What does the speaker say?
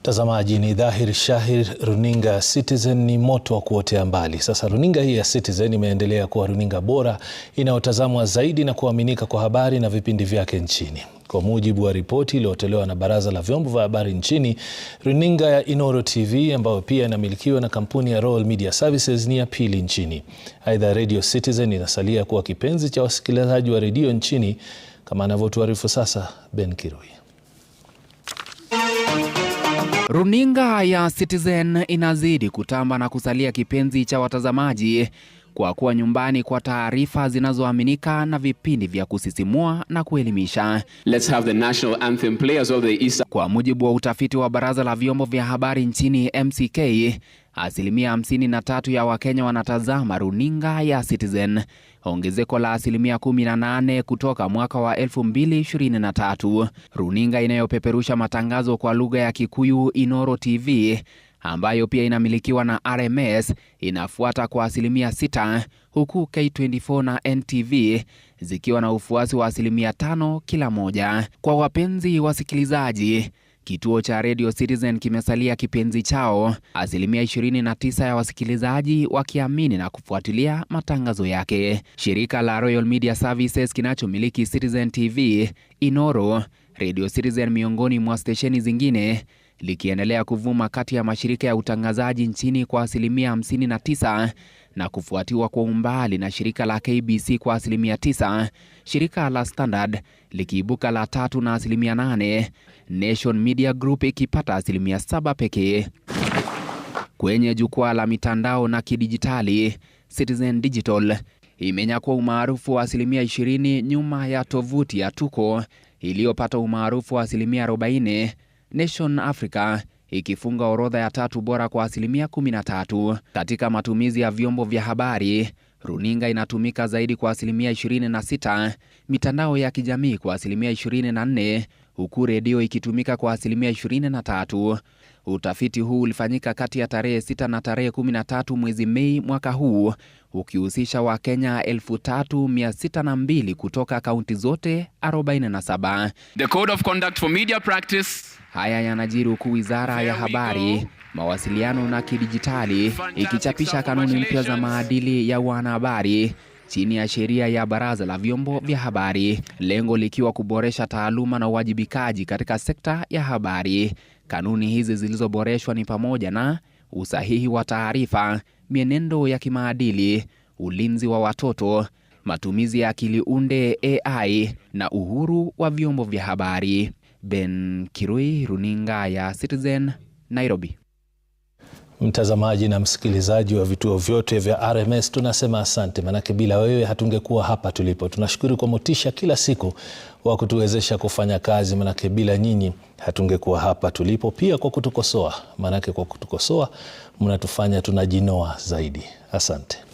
Mtazamaji, ni dhahir shahir runinga ya Citizen ni moto wa kuotea mbali. Sasa runinga hii ya Citizen imeendelea kuwa runinga bora inayotazamwa zaidi na kuaminika kwa habari na vipindi vyake nchini. Kwa mujibu wa ripoti iliyotolewa na Baraza la Vyombo vya Habari nchini, runinga ya Inooro TV ambayo pia inamilikiwa na kampuni ya Royal Media Services ni ya pili nchini. Aidha, Radio Citizen inasalia kuwa kipenzi cha wasikilizaji wa redio nchini, kama anavyotuarifu sasa Ben Kirui. Runinga ya Citizen inazidi kutamba na kusalia kipenzi cha watazamaji kwa kuwa nyumbani kwa taarifa zinazoaminika na vipindi vya kusisimua na kuelimisha. Let's have the national anthem players of the East. Kwa mujibu wa utafiti wa baraza la vyombo vya habari nchini MCK, asilimia 53 ya Wakenya wanatazama runinga ya Citizen, ongezeko la asilimia 18 kutoka mwaka wa 2023. Runinga inayopeperusha matangazo kwa lugha ya Kikuyu, Inoro TV, ambayo pia inamilikiwa na RMS inafuata kwa asilimia 6, huku K24 na NTV zikiwa na ufuasi wa asilimia 5 kila moja. Kwa wapenzi wasikilizaji Kituo cha Radio Citizen kimesalia kipenzi chao, asilimia 29 ya wasikilizaji wakiamini na kufuatilia matangazo yake. Shirika la Royal Media Services kinachomiliki Citizen TV, Inoro, Radio Citizen miongoni mwa stesheni zingine likiendelea kuvuma kati ya mashirika ya utangazaji nchini kwa asilimia 59 na kufuatiwa kwa umbali na shirika la KBC kwa asilimia 9, shirika la Standard likiibuka la tatu na asilimia 8, Nation Media Group ikipata asilimia 7 pekee. Kwenye jukwaa la mitandao na kidijitali, Citizen Digital imenyakua umaarufu wa asilimia 20 nyuma ya tovuti ya Tuko iliyopata umaarufu wa asilimia 40 Nation Africa ikifunga orodha ya tatu bora kwa asilimia 13. Katika matumizi ya vyombo vya habari, runinga inatumika zaidi kwa asilimia 26, mitandao ya kijamii kwa asilimia 24 huku redio ikitumika kwa asilimia 23. Utafiti huu ulifanyika kati ya tarehe 6 na tarehe 13 mwezi Mei mwaka huu ukihusisha Wakenya 3602 kutoka kaunti zote 47. The Code of Conduct for Media Practice. Haya yanajiri huku wizara ya habari, mawasiliano na kidijitali ikichapisha kanuni mpya za maadili ya wanahabari chini ya sheria ya Baraza la Vyombo vya Habari, lengo likiwa kuboresha taaluma na uwajibikaji katika sekta ya habari. Kanuni hizi zilizoboreshwa ni pamoja na usahihi wa taarifa, mienendo ya kimaadili, ulinzi wa watoto, matumizi ya akili unde AI na uhuru wa vyombo vya habari. Ben Kirui, runinga ya Citizen, Nairobi. Mtazamaji na msikilizaji wa vituo vyote vya RMS tunasema asante, manake bila wewe hatungekuwa hapa tulipo. Tunashukuru kwa motisha kila siku wa kutuwezesha kufanya kazi, manake bila nyinyi hatungekuwa hapa tulipo. Pia kwa kutukosoa, manake kwa kutukosoa mnatufanya tunajinoa zaidi. Asante.